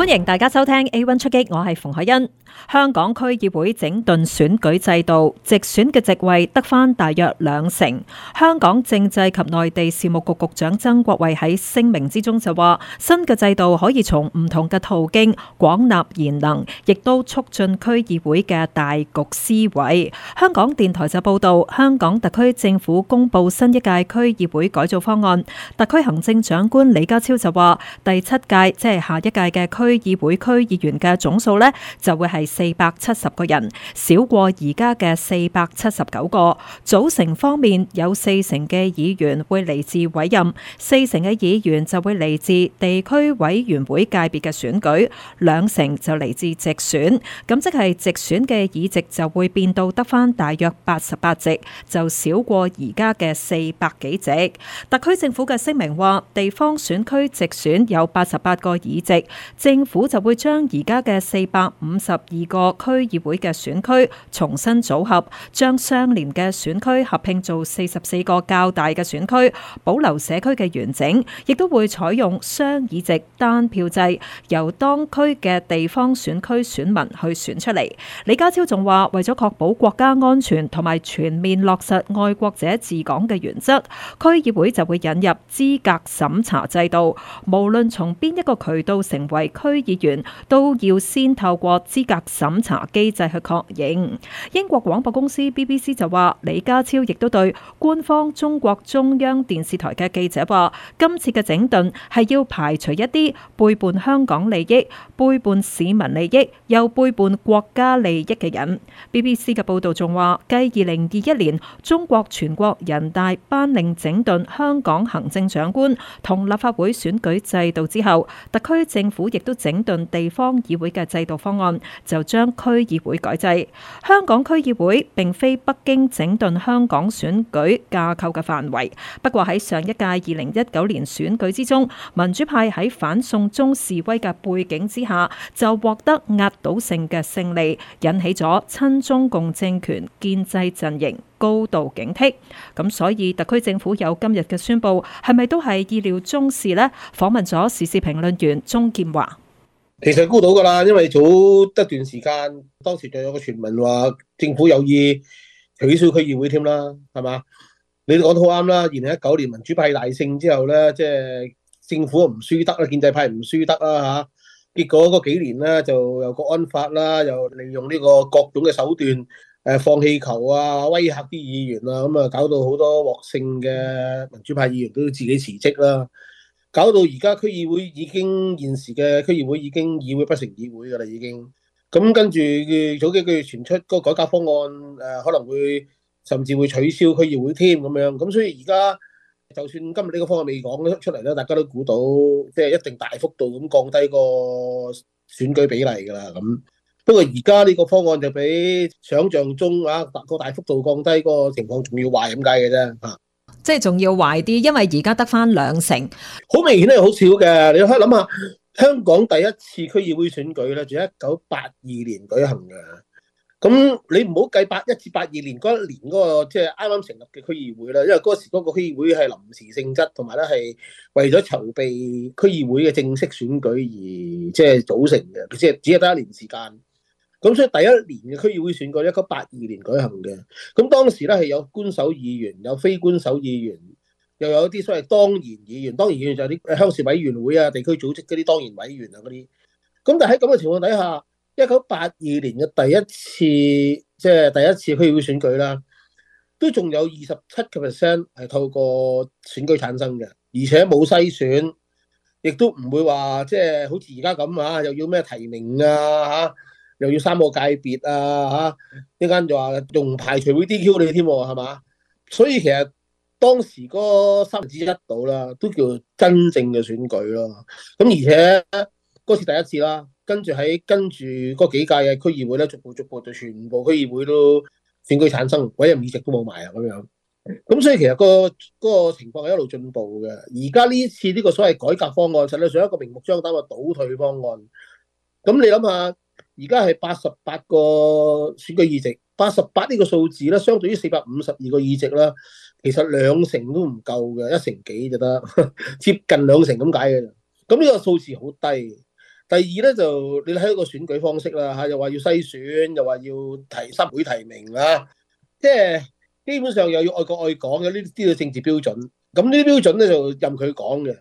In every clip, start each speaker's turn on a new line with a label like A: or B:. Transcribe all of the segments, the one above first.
A: 歡迎大家收聽 A One 出擊，我係馮海欣。香港區議會整頓選舉制度，直選嘅席位得翻大約兩成。香港政制及內地事務局局長曾國衛喺聲明之中就話，新嘅制度可以從唔同嘅途徑廣納賢能，亦都促進區議會嘅大局思維。香港電台就報道，香港特區政府公佈新一屆區議會改造方案。特區行政長官李家超就話，第七屆即係下一屆嘅區。區議會區議員嘅總數呢，就會係四百七十個人，少過而家嘅四百七十九個。組成方面有四成嘅議員會嚟自委任，四成嘅議員就會嚟自地區委員會界別嘅選舉，兩成就嚟自直選。咁即係直選嘅議席就會變到得返大約八十八席，就少過而家嘅四百幾席。特區政府嘅聲明話，地方選區直選有八十八個議席，政政府就會將而家嘅四百五十二個區議會嘅選區重新組合，將相連嘅選區合併做四十四個較大嘅選區，保留社區嘅完整，亦都會採用雙議席單票制，由當區嘅地方選區選民去選出嚟。李家超仲話，為咗確保國家安全同埋全面落實愛國者治港嘅原則，區議會就會引入資格審查制度，無論從邊一個渠道成為區。區議員都要先透過資格審查機制去確認。英國廣播公司 BBC 就話，李家超亦都對官方中國中央電視台嘅記者話，今次嘅整頓係要排除一啲背叛香港利益、背叛市民利益、又背叛國家利益嘅人。BBC 嘅報道仲話，繼二零二一年中國全國人大頒令整頓香港行政長官同立法會選舉制度之後，特區政府亦都。整頓地方議會嘅制度方案，就將區議會改制。香港區議會並非北京整頓香港選舉架構嘅範圍。不過喺上一屆二零一九年選舉之中，民主派喺反送中示威嘅背景之下，就獲得壓倒性嘅勝利，引起咗親中共政權建制陣營高度警惕。咁所以特區政府有今日嘅宣布，係咪都係意料中事呢？訪問咗時事評論員鍾建華。
B: 其實估到㗎啦，因為早一段時間，當時就有個傳聞話政府有意取消區議會添啦，係嘛？你都講得好啱啦，二零一九年民主派大勝之後咧，即係政府唔輸得啦，建制派唔輸得啦嚇。結果嗰幾年咧，就由國安法啦，又利用呢個各種嘅手段，誒放氣球啊，威嚇啲議員啊，咁啊搞到好多獲勝嘅民主派議員都要自己辭職啦。搞到而家區議會，已經現時嘅區議會已經議會不成議會㗎啦，已經咁，跟住早幾個月傳出個改革方案，誒可能會甚至會取消區議會添咁樣，咁所以而家就算今日呢個方案未講出嚟咧，大家都估到即係一定大幅度咁降低個選舉比例㗎啦。咁不過而家呢個方案就比想像中啊，個大幅度降低個情況仲要壞咁解嘅啫嚇。
A: 即係仲要壞啲，因為而家得返兩成，好明顯咧，好少嘅。你可以諗下，香港
B: 第一次區議會選舉咧，就係一九八二年舉行嘅。咁你唔好計八一至八二年嗰一年嗰個，即係啱啱成立嘅區議會啦，因為嗰時嗰個區議會係臨時性質，同埋咧係為咗籌備區議會嘅正式選舉而即係組成嘅，只係只係得一年時間。咁所以第一年嘅區議會選舉，一九八二年舉行嘅，咁當時咧係有官守議員，有非官守議員，又有啲所謂當然議員，當然議員就係啲鄉事委員會啊、地區組織嗰啲當然委員啊嗰啲。咁但喺咁嘅情況底下，一九八二年嘅第一次即係第一次區議會選舉啦，都仲有二十七個 percent 係透過選舉產生嘅，而且冇篩選，亦都唔會話即係好似而家咁啊，又要咩提名啊嚇。又要三個界別啊，嚇、啊、呢間就話用排除會 DQ 你添喎，係嘛？所以其實當時嗰三分之一到啦，都叫真正嘅選舉咯。咁而且嗰次第一次啦，跟住喺跟住嗰幾屆嘅區議會咧，逐步逐步就全部區議會都選舉產生，委任議席都冇埋啊咁樣。咁所以其實、嗰個嗰、嗰個情況係一路進步嘅。而家呢次呢個所謂改革方案，實、就、質、是、上一個明目張膽嘅倒退方案。咁你諗下？而家係八十八個選舉議席，八十八呢個數字咧，相對於四百五十二個議席啦，其實兩成都唔夠嘅，一成幾就得， 接近兩成咁解嘅。咁呢個數字好低。第二咧就你睇個選舉方式啦，嚇，又話要篩選，又話要提三會提名啊，即係基本上又要愛國愛港，有呢啲呢啲政治標準。咁呢啲標準咧就任佢講嘅。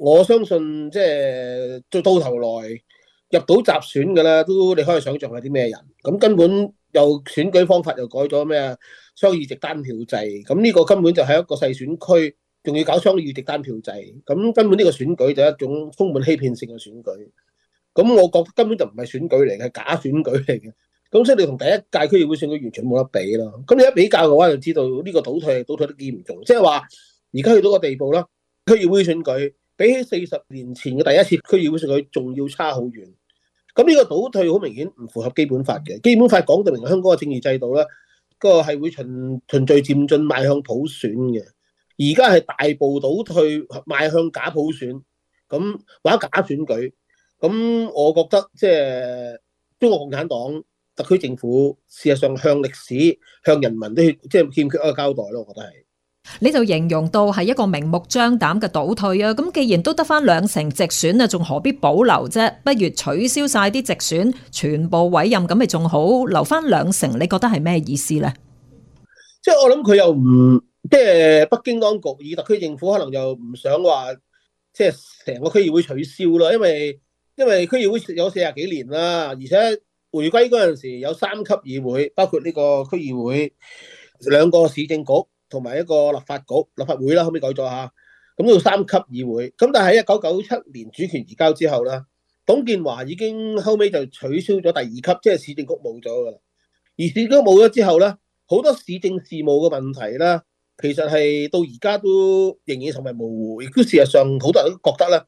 B: 我相信即係到到頭來。入到集選嘅啦，都你可以想象係啲咩人。咁根本又選舉方法又改咗咩啊？雙議席單票制。咁呢個根本就係一個細選區，仲要搞雙議席單票制。咁根本呢個選舉就係一種充滿欺騙性嘅選舉。咁我覺得根本就唔係選舉嚟嘅，係假選舉嚟嘅。咁所以你同第一屆區議會選舉完全冇得比咯。咁你一比較嘅話，就知道呢個倒退，倒退得幾嚴重。即係話而家去到個地步啦，區議會選舉。比起四十年前嘅第一次區議會選舉，仲要差好遠。咁呢個倒退好明顯唔符合基本法嘅。基本法講到明香港嘅政治制度咧，嗰個係會循循序漸進，邁向普選嘅。而家係大步倒退，邁向假普選，咁或者假選舉。咁我覺得即係中國共產黨、特區政府，事實上向歷史、向人民都即係欠缺一個交代咯。我覺得係。
A: 你就形容到係一個明目張膽嘅倒退啊！咁既然都得翻兩成直選啊，仲何必保留啫？不如取消晒啲直選，全部委任咁咪仲好，留翻兩成，你覺得係咩意思呢？
B: 即係我諗佢又唔即係北京當局以特區政府，可能又唔想話即係成個區議會取消啦，因為因為區議會有四十幾年啦，而且回歸嗰陣時有三級議會，包括呢個區議會、兩個市政局。同埋一個立法局、立法會啦，後尾改咗吓。咁到三級議會咁，但係喺一九九七年主權移交之後咧，董建華已經後尾就取消咗第二級，即係市政局冇咗噶啦。而市政局冇咗之後咧，好多市政事務嘅問題啦，其實係到而家都仍然係模糊。亦都事實上，好多人都覺得咧，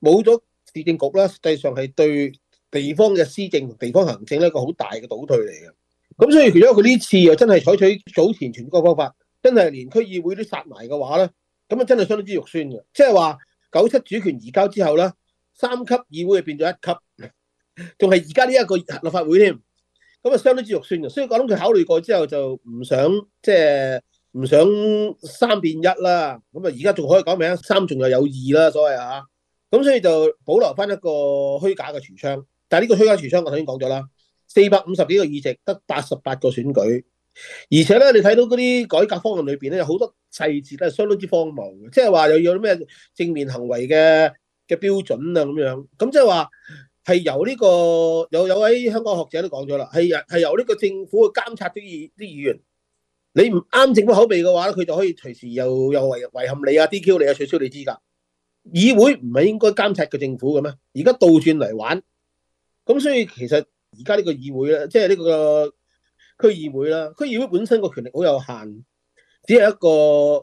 B: 冇咗市政局啦，實際上係對地方嘅施政同地方行政咧一個好大嘅倒退嚟嘅。咁所以，其實佢呢次又真係採取早前全國方法。真係連區議會都殺埋嘅話咧，咁啊真係相當之肉酸嘅。即係話九七主權移交之後咧，三級議會變咗一級，仲係而家呢一個立法會添。咁啊，相當之肉酸嘅。所以我諗佢考慮過之後就唔想，即係唔想三變一啦。咁啊，而家仲可以講明三仲又有二啦，所謂啊，咁所以就保留翻一個虛假嘅廚窗。但係呢個虛假廚窗，我頭先講咗啦，四百五十幾個議席得八十八個選舉。而且咧，你睇到嗰啲改革方案裏邊咧，有好多細節咧，相當之荒謬嘅。即係話又有啲咩正面行為嘅嘅標準啊，咁樣咁即係話係由呢個有有位香港學者都講咗啦，係係由呢個政府去監察啲議啲議員，你唔啱政府口味嘅話咧，佢就可以隨時又又遺遺憾你啊，DQ 你啊，取消你資格。議會唔係應該監察嘅政府嘅咩？而家倒轉嚟玩，咁所以其實而家呢個議會咧，即係呢個。區議會啦，區議會本身個權力好有限，只係一個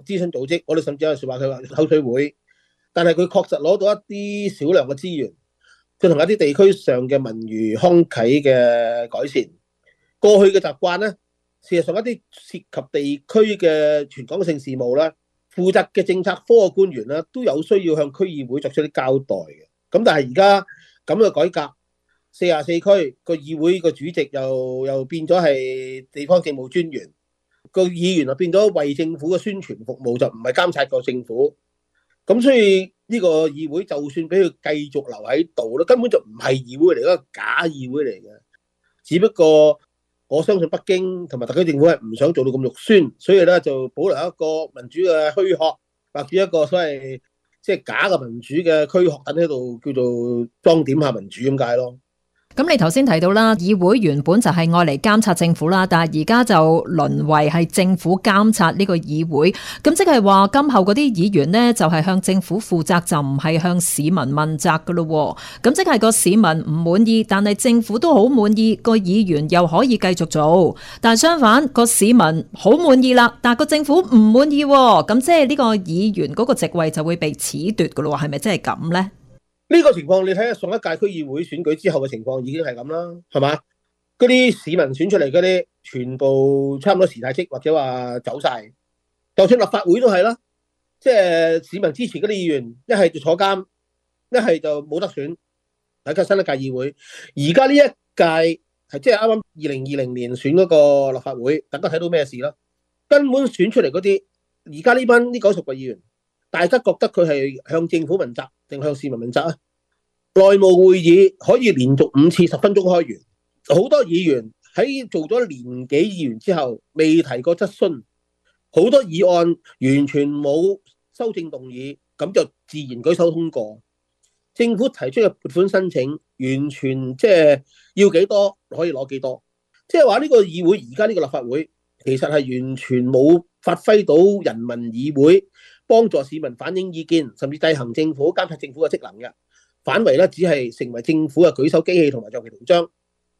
B: 諮詢組織。我哋甚至有時話，佢話口水會，但係佢確實攞到一啲少量嘅資源，佢同一啲地區上嘅文娛康體嘅改善。過去嘅習慣咧，事實上一啲涉及地區嘅全港性事務啦，負責嘅政策科嘅官員啦，都有需要向區議會作出啲交代嘅。咁但係而家咁嘅改革。四廿四區個議會個主席又又變咗係地方政務專員，個議員就變咗為政府嘅宣傳服務，就唔係監察個政府。咁所以呢個議會就算俾佢繼續留喺度咧，根本就唔係議會嚟，一個假議會嚟嘅。只不過我相信北京同埋特區政府係唔想做到咁肉酸，所以咧就保留一個民主嘅虛殼，或者一個所謂即係假嘅民主嘅虛殼等喺度，叫做裝點下民主咁解咯。
A: 咁你頭先提到啦，議會原本就係用嚟監察政府啦，但係而家就淪為係政府監察呢個議會。咁即係話今後嗰啲議員呢，就係向政府負責，就唔係向市民問責噶咯。咁即係個市民唔滿意，但係政府都好滿意，個議員又可以繼續做。但係相反，個市民好滿意啦，但係個政府唔滿意，咁即係呢個議員嗰個席位就會被褫奪噶咯？係咪真係咁呢？
B: 呢個情況，你睇下上一屆區議會選舉之後嘅情況已經係咁啦，係嘛？嗰啲市民選出嚟嗰啲，全部差唔多辭晒職或者話走晒，就算立法會都係啦，即係市民支持嗰啲議員，一係就坐監，一係就冇得選。大家新一屆議會，而家呢一屆係即係啱啱二零二零年選嗰個立法會，大家睇到咩事啦？根本選出嚟嗰啲，而家呢班呢九十個議員。大家覺得佢係向政府問責定向市民問責啊？內務會議可以連續五次十分鐘開完，好多議員喺做咗年幾議員之後未提過質詢，好多議案完全冇修正動議，咁就自然舉手通過。政府提出嘅撥款申請完全即係要幾多可以攞幾多，即係話呢個議會而家呢個立法會其實係完全冇發揮到人民議會。幫助市民反映意見，甚至制衡政府、監察政府嘅職能嘅反而咧，只係成為政府嘅舉手機器同埋作其圖章。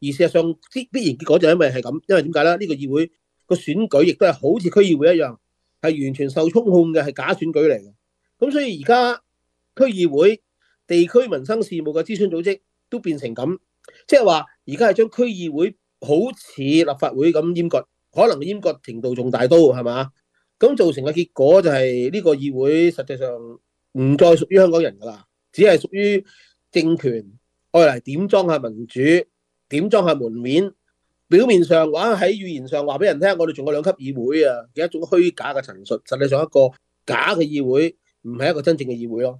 B: 而事實上，必然結果就因為係咁，因為點解咧？呢、呢個議會個選舉亦都係好似區議會一樣，係完全受操控嘅，係假選舉嚟嘅。咁所以而家區議會、地區民生事務嘅諮詢組織都變成咁，即係話而家係將區議會好似立法會咁閹割可能閹割程度仲大，都係嘛？是吧？咁造成嘅結果就係呢個議會實際上唔再屬於香港人㗎啦，只係屬於政權，愛嚟點裝下民主，點裝下門面。表面上話喺語言上話俾人聽，我哋仲有兩級議會啊，嘅一種虛假嘅陳述。實際上一個假嘅議會，唔係一個真正嘅議會咯。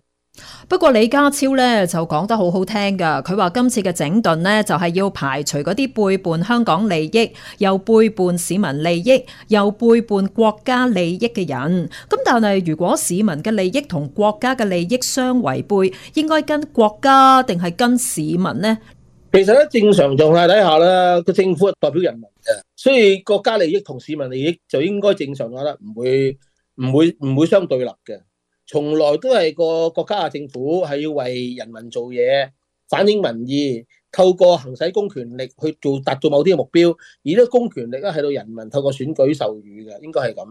A: 不過李家超咧，就講得好好聽噶，佢話今次嘅整頓呢，就係要排除嗰啲背叛香港利益、又背叛市民利益、又背叛國家利益嘅人。咁但係如果市民嘅利益同國家嘅利益相違背，應該跟國家定係跟市民呢？
B: 其實咧，正常狀態底下啦，個政府係代表人民嘅，所以國家利益同市民利益就應該正常話啦，唔會唔會唔會相對立嘅。從來都係個國家嘅政府係要為人民做嘢，反映民意，透過行使公權力去做達到某啲嘅目標，而呢個公權力咧喺度人民透過選舉授予嘅，應該係咁。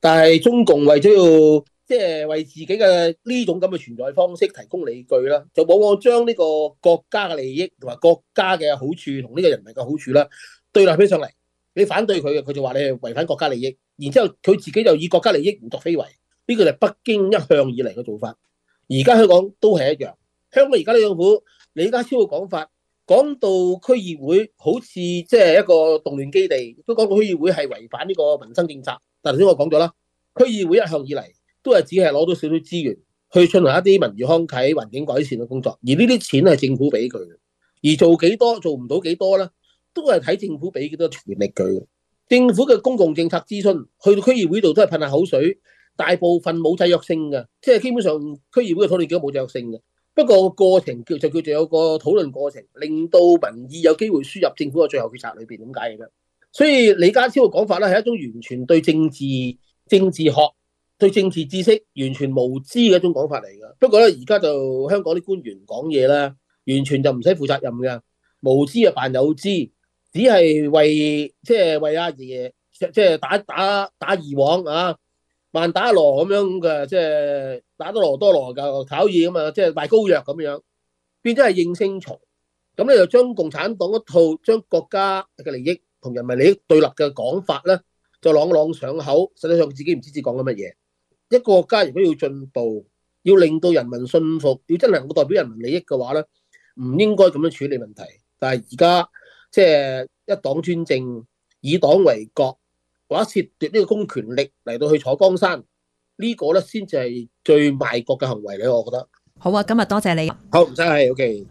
B: 但係中共為咗要即係、就是、為自己嘅呢種咁嘅存在方式提供理據啦，就往往將呢個國家嘅利益同埋國家嘅好處同呢個人民嘅好處啦對立起上嚟，你反對佢嘅，佢就話你係違反國家利益，然之後佢自己就以國家利益胡作非為。呢個就係北京一向以嚟嘅做法，而家香港都係一樣。香港而家呢個政府，李家超嘅講法講到區議會好似即係一個動亂基地，都講到區議會係違反呢個民生政策。但頭先我講咗啦，區議會一向以嚟都係只係攞到少少資源去進行一啲民娛康體、環境改善嘅工作，而呢啲錢係政府俾佢嘅。而做幾多做唔到幾多咧，都係睇政府俾幾多權力佢。政府嘅公共政策諮詢去到區議會度都係噴下口水。大部分冇制約性嘅，即係基本上區議會嘅討論已經冇制約性嘅。不過過程叫就叫做有個討論過程，令到民意有機會輸入政府嘅最後決策裏邊。點解嘅？所以李家超嘅講法咧係一種完全對政治、政治學、對政治知識完全無知嘅一種講法嚟嘅。不過咧，而家就香港啲官員講嘢咧，完全就唔使負責任嘅，無知啊扮有知，只係為即係、就是、為阿爺爺即係打打打耳光啊！就是萬打羅咁樣嘅，即、就、係、是、打多羅多羅就炒嘢咁啊！即係賣膏藥咁樣，變咗係應聲蟲。咁你就將共產黨嗰套將國家嘅利益同人民利益對立嘅講法咧，就朗朗上口。實際上自己唔知自己講緊乜嘢。一個國家如果要進步，要令到人民信服，要真係能夠代表人民利益嘅話咧，唔應該咁樣處理問題。但係而家即係一黨專政，以黨為國。話竊取呢個公權力嚟到去坐江山，呢個咧先至係最賣國嘅行為咧，我覺得。
A: 好啊，今日多謝你。
B: 好，唔使係，OK。